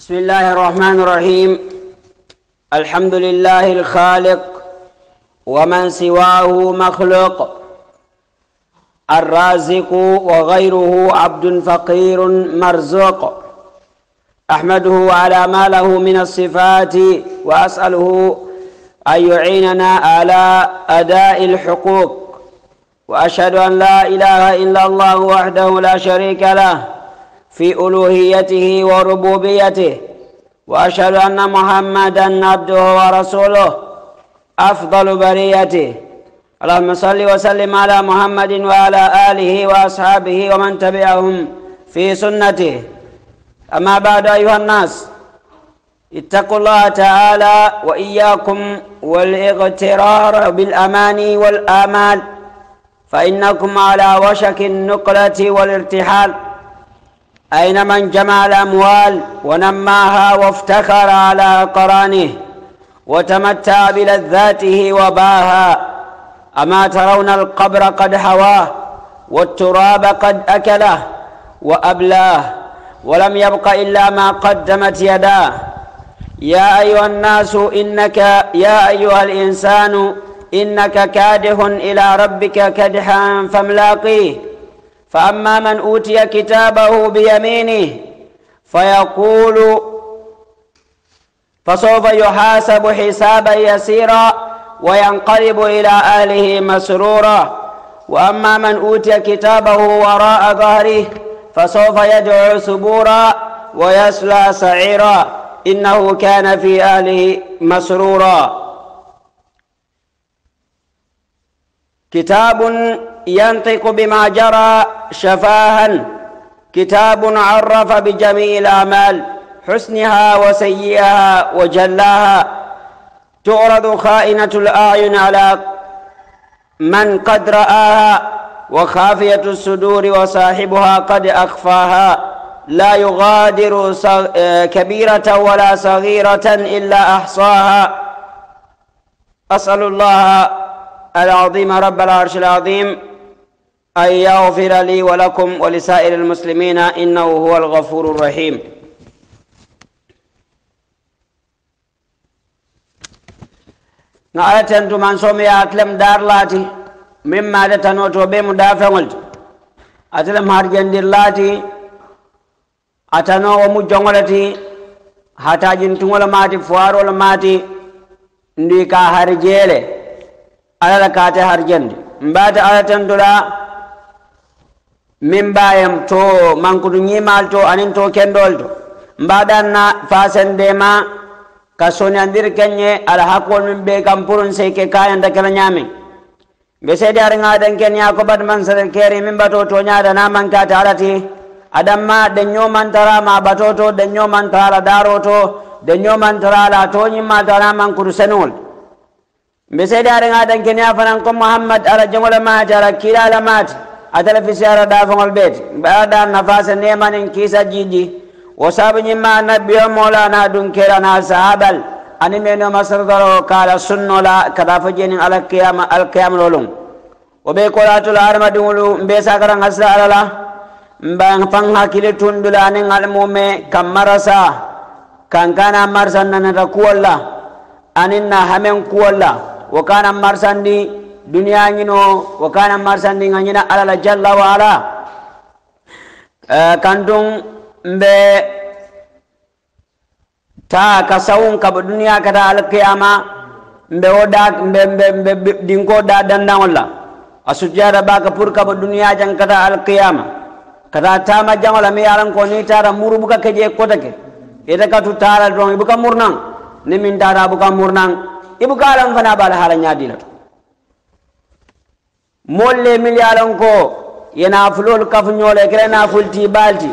بسم الله الرحمن الرحيم الحمد لله الخالق ومن سواه مخلوق الرازق وغيره عبد فقير مرزوق احمده على ما له من الصفات واساله ان يعيننا على اداء الحقوق واشهد ان لا اله الا الله وحده لا شريك له في ألوهيته وربوبيته وأشهد أن محمدا عبده ورسوله أفضل بريته اللهم صل وسلم على محمد وعلى آله وأصحابه ومن تبعهم في سنته أما بعد أيها الناس اتقوا الله تعالى وإياكم والاغترار بالأماني والآمال فإنكم على وشك النقلة والارتحال أين من جمع الأموال ونماها وافتخر على قرانه وتمتع بلذاته وباها أما ترون القبر قد حواه والتراب قد أكله وأبلاه ولم يبق إلا ما قدمت يداه يا أيها الناس إنك يا أيها الإنسان إنك كادح إلى ربك كدحا فملاقيه فأما من أوتي كتابه بيمينه فيقول فسوف يحاسب حسابا يسيرا وينقلب إلى أهله مسرورا وأما من أوتي كتابه وراء ظهره فسوف يدعو سبورا ويسلى سعيرا إنه كان في أهله مسرورا كتاب ينطق بما جرى شفاها كتاب عرف بجميع الأعمال حسنها وسيئها وجلاها تعرض خائنة الأعين على من قد رآها وخافية الصدور وصاحبها قد أخفاها لا يغادر آه، كبيرة ولا صغيرة إلا أحصاها أسأل الله العظيم رب العرش العظيم أن يغفر لي ولكم ولسائر المسلمين إنه هو الغفور الرحيم نعلت أنتم من سومي أكلم دار لاتي مما لتنوتو بمدافع ولت أتلم هرجن دير لاتي أتنو ومجنغلتي hatajin tuŋol maati fuwarol maati ndi ka harjeele ala la kaate harjende mbaate ala tentoɗa min mbayam to mankudu ñimal to anin to kendol to mbaɗanna fasendema ka soniandir kenñe ala hakkol min ɓe kam purun sey ke kayanta kela ñamen ɓe seydi ar gaɗen ken yako batman sadel keri min mbato to ñadanamankaate alati adamma ɗen ñomantara ma ɓato to ɗen ñomantara ala daro to ɗen ñomantara ala toñimma to ana mankudu senol ɓe seydi ar gaɗen ken ya fanan ko mouhammad ala jogole maate ala kiilala maate atala fi siyara da fongol beti baada nafasa neman in kisa jiji wasabin ma nabiyo maulana dun kera na sahabal ani meno masardaro kala sunno la kada fajeni ala qiyam al qiyam lolum obe kola to la arma dungulu mbe sakara ngasra alala mbang pang hakile tundula ni ngal mume kamarasa kankana marsan na ta kuwalla anin na hamen kuwalla wakana marsandi dunia ini ngino wakana marsan ni ngina ala la jalla wa ala eh, kandung mbe ta kasawun kab dunia kata al qiyama mbe oda mbe mbe, mbe dingko da danda wala asujara ba ka pur ka dunia jang kata al qiyama kata ta ma jang wala mi alam ko ni tara muru buka keje kota ke eta ka tu tara dron buka murnang ni minta tara buka murnang ibu alam fana bala halanya dilatu molle miliyalon ko yena fulol kafuñole kere nafulti balti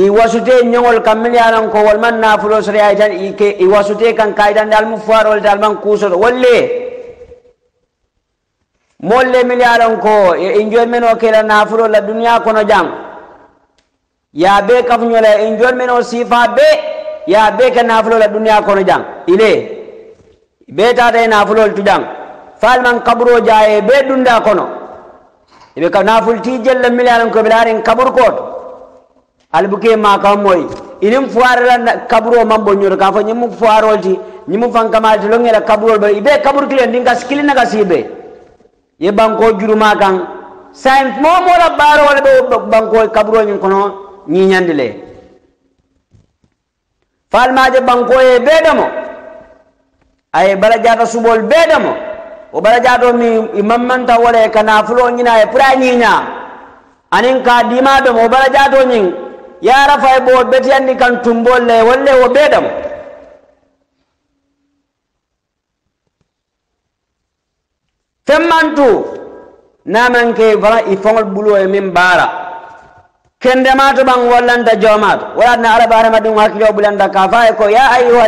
i wasute ñoŋol kam miliyalon ko walman nafulo sore aytan i wasute kan kayitande almu fuwarol ta alman kusoto wolle molle miliyalon ko injoy meno kela nafulo la duniya kono jam ya be kafuñole injoy meno sifa be ya be ka nafulo la duniya kono jam ile be tata e nafulol tu jang falman kaburoja e ɓe ɗunda kono eɓe ka nafulti jella milalan koɓe laren kabaru koto albuke ma kam moy inin foirala kaburo man ɓoñoto kam fo ñimu foirolti ñimu fankamalti longeɗa kaburol ɓe ɓe kaburu kilen ɗin gas kili naga siɓe ye banko juruma kan sain momola ɓarole ɓe banko e kaburo ñin kono ñiñandi le falmaje banko ye ɓeɗomo aye bala jata suɓol ɓeɗomo wo baraja ɗo mi imammanta wole ka naafuloo ñina ye pour a ñiña anin ka dima ɗom wo baraja to ñin yara fay bo betiyandi kan tumbol le wolle wo ɓee ɗam femmantu namen ke fana i foŋol bulo ye min baara kendemato ɓan wallanta jomato wala na araba hadamadiŋo bulanta ka faye ko ya ayuha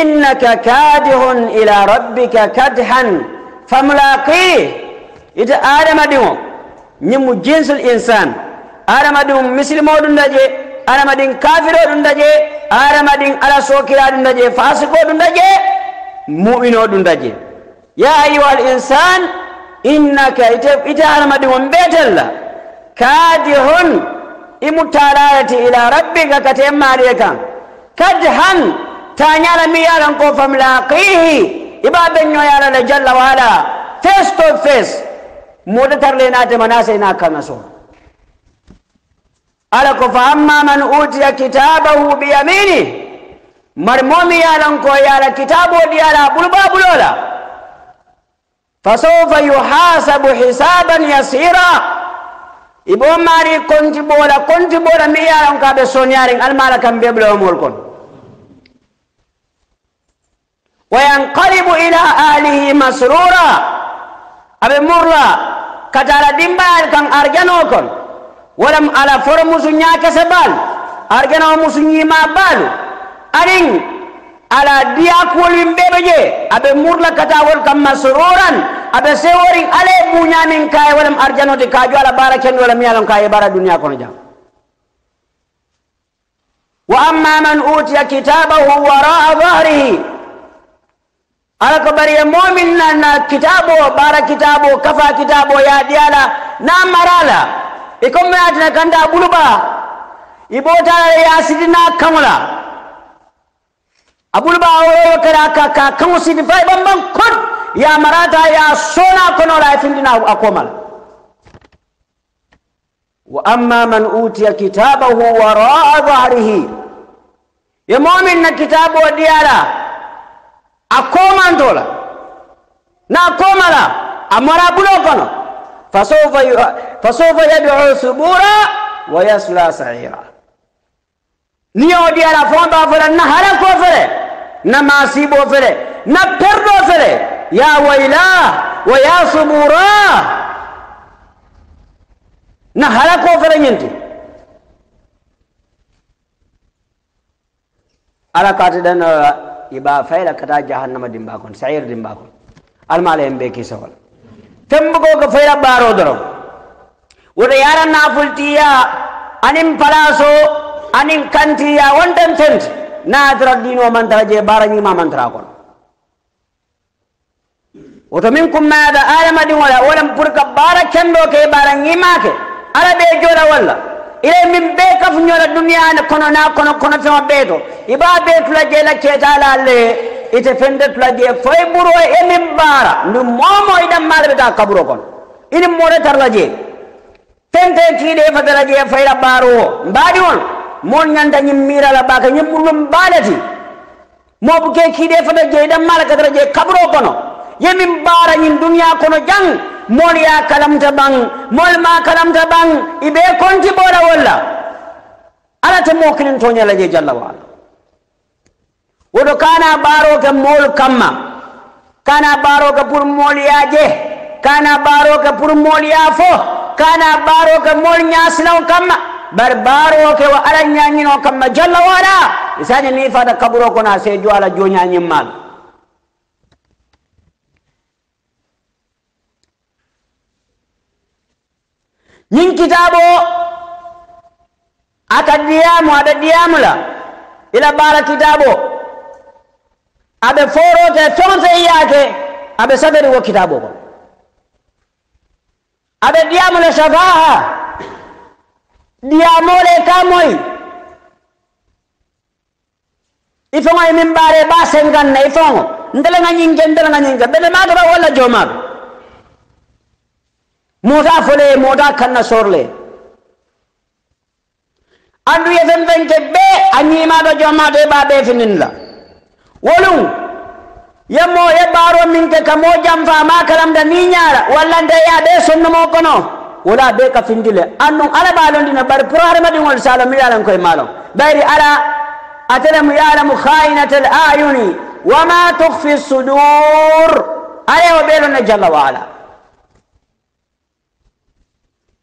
إنك كادح إلى ربك كدحا فملاقيه إذا آدم دمو نمو جنس الإنسان آدم دمو مسلم دندجي آدم دين كافر دندجي آدم دين على سوكرا دندجي فاسق دندجي مؤمن دندجي يا أيها الإنسان إنك إذا آدم دمو بيت الله كادح إمتالاتي إلى ربك كتماريك كدحا تانيانا ميانا قوفا ملاقيه إبا بنيو يالا جل وعلا فيس تو فيس مودة ترلينا تمناسينا كمسو ألك فأما من أوتي كتابه بيمينه مرمومي يالا قو يالا كتابه ديالا بلبا بلولا فسوف يحاسب حسابا يسيرا إبو ماري كنت بولا كنت بولا ميالا كابسون يارين المالا كان بيبلو مولكن وينقلب إلى أهله مسرورا أبي مرلا كتالا دمبال كان أرجنوكن ولم على فرم سنيا كسبال أرجنو مسني ما بال أرين على دياكول من بيبجي أبي مرلا كتاول كان مسرورا أبي سيورين علي بنيا من كاي ولم أرجنو دي كاجو على باركين ولم يالون كاي بارا دنيا كونجان وأما من أوتي كتابه وراء ظهره ala ko bariya momin na na kitabo bara kitabo kafa kitabo ya diala na marala e comme na kanda buluba ibota ya sidina kamula abulba awolo kara ka ka kamu sidin bambam kon ya marata ya sona kono la findina akomal wa amma man utiya kitabahu wara dhahrihi ya momin na kitabo diala akomandola nakomala amara bulokono fasawfa fasofa yad'u subura wa yasla sa'ira niyo di ala fonda fere na ko fere na masibo fere na perdo fere ya waila wa ya subura na ko fere nyinti ala kati dana يبا فايلا كتا جهنم دمبا كون سعير دمبا كون المال ام بيكي سوال تمبكو كفايلا بارو درو وريارا نافلتيا انم فلاسو انم كنتيا وندم تنت نادر الدين ومن ترجي بارني ما من تراكون وتمنكم ما هذا آلم آية دين ولا ولم برك بارك كندو كي بارني ماك على بيجولا ولا ila min be kafuñola dumiyane kono na kono kono feŋo ɓee to i ɓa ɓee tula je la ceetala le ite fende tula je foy ɓuro e min baara ndu momo iɗan maala ɓe ta kaburo kono ini moore tarla je fente tiiɗe fatala je fayla baaro o mbaɗi on moon ñanta ñim miirala ɓaka ñim ɓurlum mbaɗati mo buke kiiɗe fata je iɗan maala katara je kaburo kono yemin ɓarañin duniya kono jang mol ya kalamta ɓan mol ma kalamta ɓan iɓe konti ɓola walla ala te mokinin toñalaje jalla waala woto kana ɓaroke mol kamma kana ɓaroke pour mol yaje kana ɓaroke pour mol ya fo kana ɓaroke mol ñasilaw kamma bar ɓaroke wo ala ñañino kamma jalla waala isani ni fata kaburo kono a seejo ala joñañin maala ñiŋ kitaaboo ata diyaamu abe diyaamu la ila la baala kitaaboo abe fooroo ke feŋo feŋ ye a ke abe saferi wo kitaaboo kono abe diyaamu la safaaha diyaamoo le ka moyi i feŋo ye miŋ baara i be a senkaŋ na i feŋo ntele ŋa ñiŋ ke ntele ŋa ñiŋ ke walla joomaa ሞዳ ፎሌ ሞዳ ከነ ሶርሌ አንዱ የዘንበኝ ተቤ አኒማ በጆማ ደባ ቤፍንንላ ወሉ የሞ የባሮ ሚንከ ከሞ ጀንፋ ማከለም ደሚኛራ ወላንደ ያ ቤ ሱንሞ ቆኖ ወላ ቤ ከፍንጅለ አኑ አለ ባሎ እንዲ ነበር ፕሮሃር መድን ወል ሳለም ያለን ኮይ ማሎ በይሪ አላ أتلم يعلم خائنة الأعين وما تخفي الصدور عليه وبيلنا جل وعلا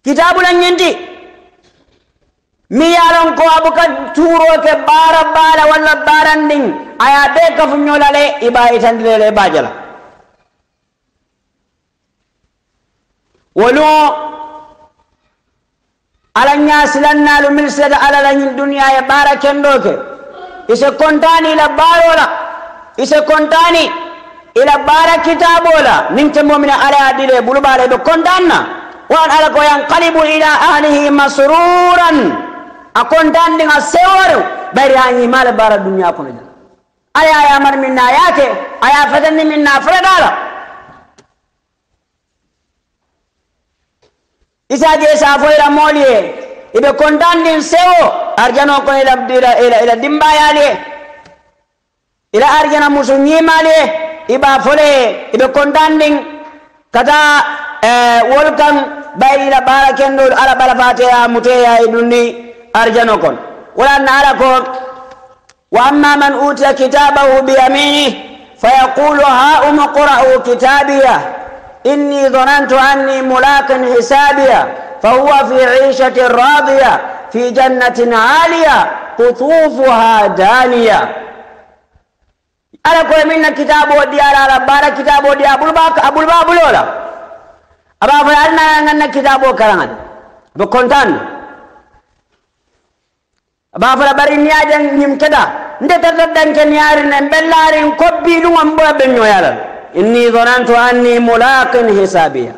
kitabula ñindi mi ye lon ko abuka tuuro ke baara baala walla baarandin aya be kafuñola le i ba itandirele i baajala wolu ala ñasilannaalu mil seta ala la ñin duniya ye baara kendo ke ise kontani ila baarola ise kontani ila baara kitaabola nin te momina ala ye dile bulu baala ibe kontan na wan ala ko yanqalibu ila ahlihi masruran akon tan dengan sewaru bari hanyi mal bara dunya kono jana aya aya mar minna yake aya fatanni minna fredala isaji esa foyra moliye iɓe kontanɗin sewo arjano kon ila dimbayali e ila arjana musu ñimali e iɓa fole iɓe kontanɗin kata wol kan bayila لا بارا ala على fateya فاتيا متيا ɗumni arjano kon wolanna وأما من أوتي كتابه بيمينه فيقول ها أم قرأوا كتابيه إني ظننت أني ملاك حسابيا فهو في عيشة راضية في جنة عالية قطوفها دانية ألا كل من كتاب ودي على ربنا كتاب ودي أبو الباب أبو الباب لولا أبا فلان أنا أنا كتابه كرمان بكونتان أبا فلان بريني أجن نيم كذا نت تردن كنيارين بلارين كبي لو أم بنيو يارن إني ظننت أني ملاق حسابيا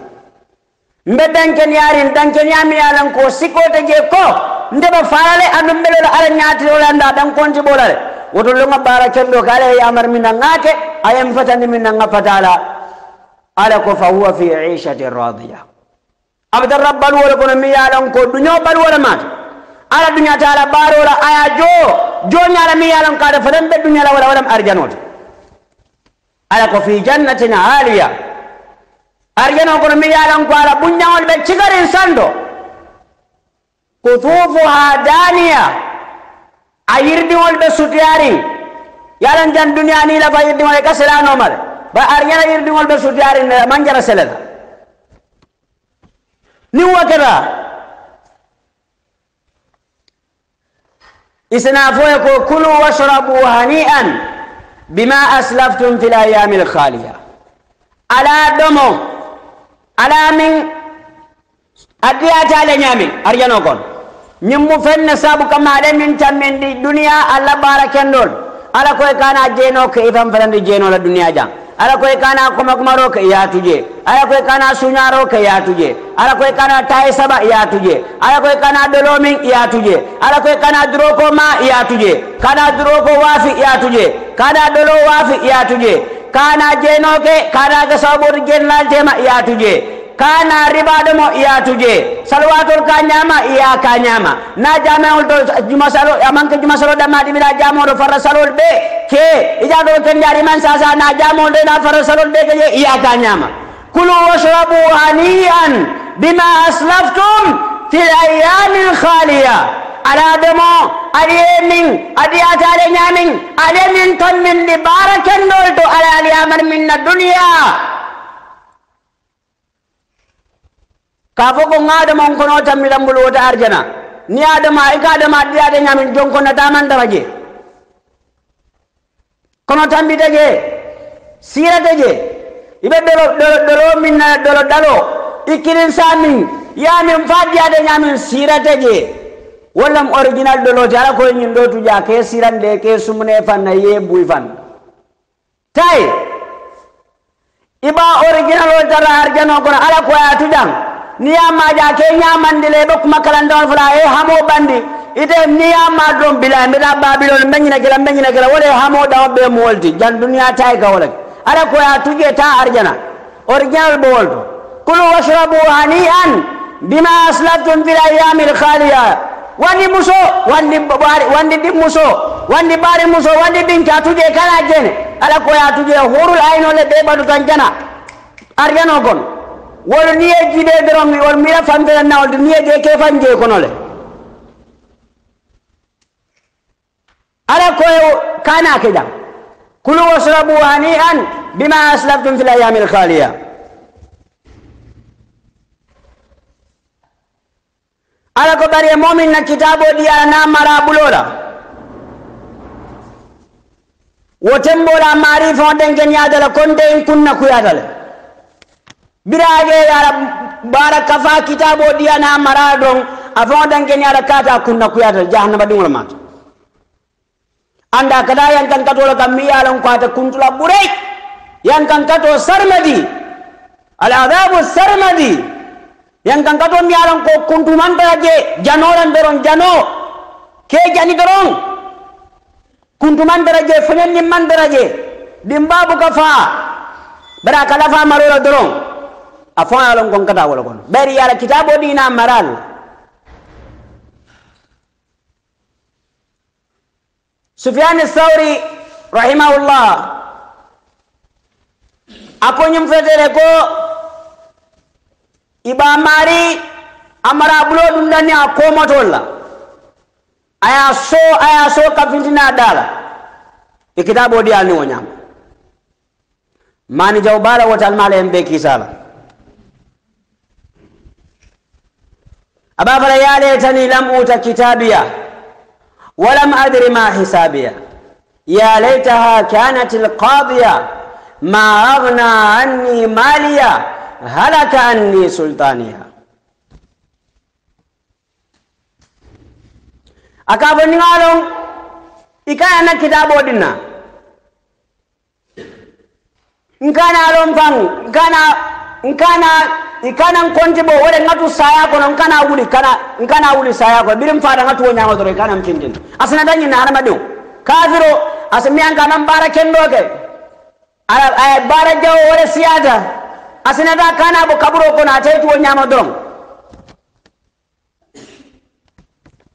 مبدن كنيارين دن كنيام يارن كو سيكو تجي كو nde ba farale andum belol ala nyaati wala nda dan konti bolale wotol ma bara kendo kale yamar min ngake ayem fatani min nga fatala ألك فهو في عيشة راضية أبدا رب بالولا كنا ميالا كو دنيا بالولا مات على الدنيا تعالى بارولا آيا جو جو نيالا ميالا قادة فلم بالدنيا لا ولا ولم أرجنوت ألك في جنة عالية أرجنو كنا ميالا كو على بنيا والبتشكر إنساندو كثوفها دانية أيردي والبسوتياري يالن جن دنيا نيلا فايردي والبسلا نومر ba arjana yirdiŋol be sutiyarinde manjara sele la niŋ wo keta isina fo ye ko kulu washrabu hani'an bima aslaftum fi layami lkhaliya ala domo ala miŋ adiyata le ñaamiŋ arjano kono ñiŋ mu feŋ ne saabu kama ale miŋ tammindi duniya alla baara kendol ala koye kana jeenoo ke ifan fanandi jeenoo la duniya jaŋ અરે કોઈ કાના ખુમકમાં રોક યા તુજે અરે કોઈ કાના સુના રોક યા તુજે અરે કોઈ કાના ટાઈ સબા યા તુજે અરે કોઈ કાના ડલોમિંગ યા તુજે અરે કોઈ કાના દ્રોકો માં યા તુજે કાના દ્રોકો વાફી યા તુજે કાના ડલો વાફી યા તુજે કાના જેનો કે કાના કે સબુર kana riba demo iya tuje salwatul kanyama iya kanyama na jamaul to juma salo amanke juma salo dama di bila jamo do farra salol be ke ija do ken jari man sasa na jamo do na farra salol be ke iya kanyama kulu washrabu hanian bima aslaftum fil ayyamin khaliya ala demo aɗiyemin aɗi atare ñamin aɗemin ton min ɗi bara kendol to ala aliyaman min na duniya kafo ko ngaadama kono tammi lambol wota arjana ni adama e ka adama diade nyamin jonko na daman daraje kono tambi dege sira dege ibe dolo dolo, dolo min na dolo dalo ikirin sami ya min fadi ade nyamin sira dege wallam original dolo jara ko nyin do tu ja ke siran de ke sumne fan na ye buy fan tay iba original wal tara arjana ko ala ko atu tudang. niyama jake ñamandile ɓe kuma kalandawon fula e hamo bandi ite niyama ɗum bila mbiɗa babilon beñina kela beñina kela wole hamo ɗawo ɓe moldi jan duniya taye gawolake ala koya tuje ta arjana original ɓo wolto washrabu hani'an bima aslaftum fil ayami lkhaliya wandi muso wani ɓari wani ɗin muso wandi ɓari muso wandi ɗin ta tuje kala jene ala koya tuje horul aynole ɓe ɓaɗu tan jana arjano kono wol niye jibe doron wol miya fantere na wol niye je ke fanje kono le ala ko kana kida kulu wasrabu hani'an bima aslaftum fil ayamil khaliya ala ko bari mu'min na kitabo di ala na mara bulola wotembola maarifa den gen yadala konde en kunna ku yadala birage yara bara kafa kitabo dia na maradon afonda ngeni ala kata kunna kuyata jahannama dingula mata anda kada yang kan kato la kamia lang kuata kuntula burai yang kan kato sarmadi al adabu sarmadi yang kan kato mia lang ko kuntuman ta je jano lan berong jano ke jani berong kuntuman ta je fenen ni man ta je dimbabu kafa bara kala fa marola berong a fo alon kon kata wala kono bari yala kitabo dina maral sufyan thawri rahimahullah ako ñum fetere ko iba mari amara bulo ɗum ɗanni a komatol la aya so aya so kafintina dala e kitabo di alni wo ñama mani jaw bala wotalmala en be kisala أبا يا ليتني لم أوت كتابيا ولم أدر ما حسابيا يا ليتها كانت القاضية ما أغنى عني ماليا هلك عني سلطانيا ودنا إن كان kitabo dina إن كان إن كان ikana bo wore ngatu saya ko na kana wuli kana nkana awuli sayako biri mfada ngatu wonyama doro kana mcindin asana danyi na harama do kafiro asmi an kana mbara kendo ke ala ay bara jaw wore siyada asana da kana bo kaburo ko na taytu wonyama doro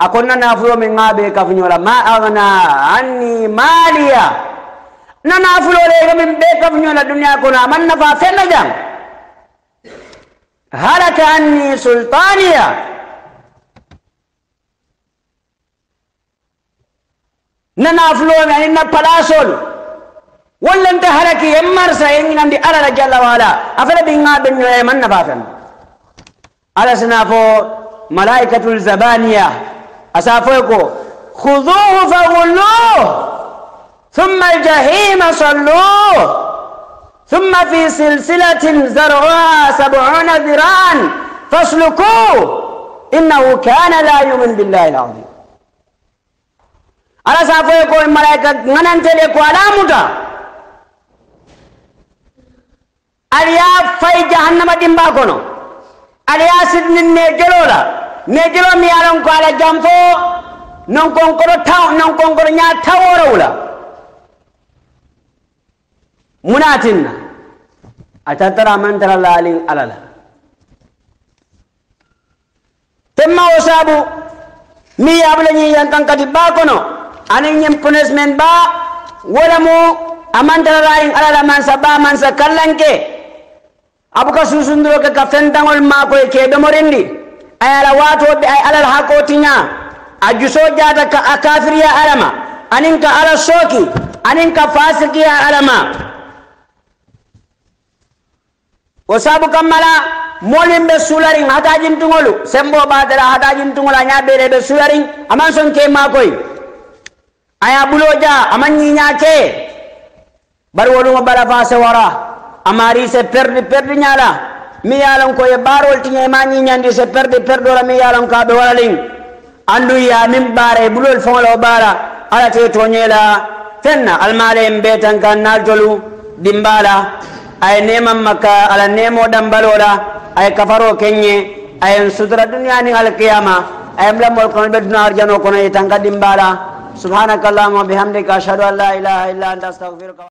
akonna na nafuyo min ngabe kafunyola ma agna anni maliya na na nafulo le min be kafunyola dunya ko na man fa fenna jang هلك عني سلطانيا ننافلوم يعني نبلاسول ولا انت هلكي يمر سيني نمدي ألا جل وعلا أفلا بينا بين يمن نبافن على سنافو ملائكة الزبانية أسافوكو خذوه فغلوه ثم الجحيم صلوه ثم في سلسلة زرعها سبعون ذراعا فاسلكوه إنه كان لا يؤمن بالله العظيم على سافوي كوي ملائكة أنت تلي على مدى أليا في جهنم دمبا أليا سيدن نجلولا نجلو ميالون كوالا جنفو نونكون كورو تاو نونكون كورو نيا تاو رولا مناتنا أتترى من ترى لالين ألالا تم وسابو مي أبلني ينتن قد باكنو أنا يم punishment با ولمو أمان ترى لالين ألالا من سبا من سكلنك أبوك سوسندرو كفنتان والماكو كيبه مرندي أي على واتو أي على الحقو تنيا أجسو جاتا كافريا ألما أنين كألا سوكي أنين كفاسقيا ألما o saabu kam mala moolin ɓe sularin hata jimtuŋolu sembo ɓadara hata jimtuŋolu a ñaɓeere ɓe sularin aman son ke makoy aya buloja aman ñiña ke bari woluma bala fa se wara amari se perdi perdi ñala mi yalan ko ye baarol tiñe ma ñiñandi se perdi perdola mi yalan ka ɓe waralin andu ya min baara e bulol foŋola o baara ala te toñela fenna almaala en mbe tan kan naltolu dimbala ay neman maka ala nemo dan balola ay kafaro kenye ay sudra dunya ni al qiyama ay mla mol kono be dunar jano kono itanga dimbala subhanakallahumma bihamdika ashhadu an la ilaha illa anta astaghfiruka